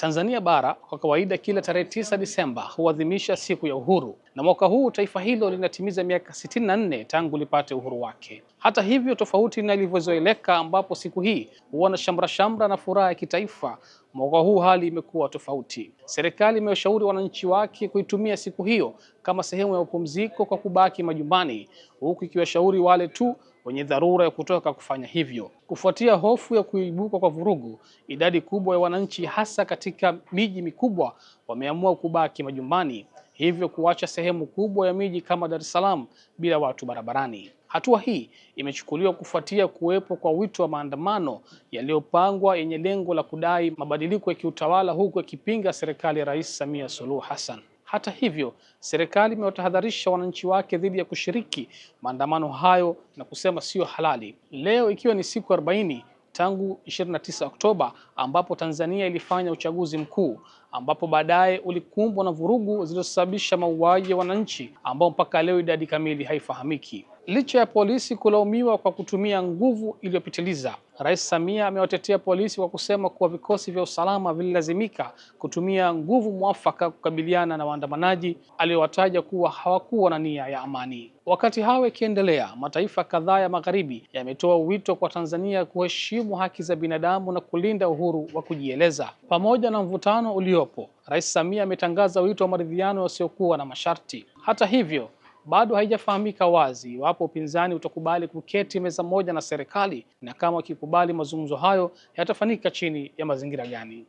Tanzania bara kwa kawaida kila tarehe tisa Disemba huadhimisha siku ya uhuru, na mwaka huu taifa hilo linatimiza miaka 64 tangu lipate uhuru wake. Hata hivyo, tofauti na ilivyozoeleka ambapo siku hii huwa na shamra shamra na furaha ya kitaifa, mwaka huu hali imekuwa tofauti. Serikali imeshauri wananchi wake kuitumia siku hiyo kama sehemu ya upumziko kwa kubaki majumbani, huku ikiwashauri wale tu wenye dharura ya kutoka kufanya hivyo. Kufuatia hofu ya kuibuka kwa vurugu, idadi kubwa ya wananchi hasa katika miji mikubwa wameamua kubaki majumbani, hivyo kuacha sehemu kubwa ya miji kama Dar es Salaam bila watu barabarani. Hatua hii imechukuliwa kufuatia kuwepo kwa wito wa maandamano yaliyopangwa yenye lengo la kudai mabadiliko ya kiutawala huku yakipinga serikali ya Rais Samia Suluhu Hassan. Hata hivyo, serikali imewatahadharisha wananchi wake dhidi ya kushiriki maandamano hayo na kusema siyo halali. Leo ikiwa ni siku 40 tangu 29 Oktoba ambapo Tanzania ilifanya uchaguzi mkuu ambapo baadaye ulikumbwa na vurugu zilizosababisha mauaji ya wananchi ambao mpaka leo idadi kamili haifahamiki. Licha ya polisi kulaumiwa kwa kutumia nguvu iliyopitiliza, Rais Samia amewatetea polisi kwa kusema kuwa vikosi vya usalama vililazimika kutumia nguvu mwafaka kukabiliana na waandamanaji aliyowataja kuwa hawakuwa na nia ya amani. Wakati hao yakiendelea, mataifa kadhaa ya Magharibi yametoa wito kwa Tanzania kuheshimu haki za binadamu na kulinda uhuru wa kujieleza pamoja na mvutano ulio iliyopo. Rais Samia ametangaza wito wa maridhiano yasiyokuwa na masharti. Hata hivyo, bado haijafahamika wazi iwapo upinzani utakubali kuketi meza moja na serikali na kama wakikubali mazungumzo hayo yatafanyika chini ya mazingira gani.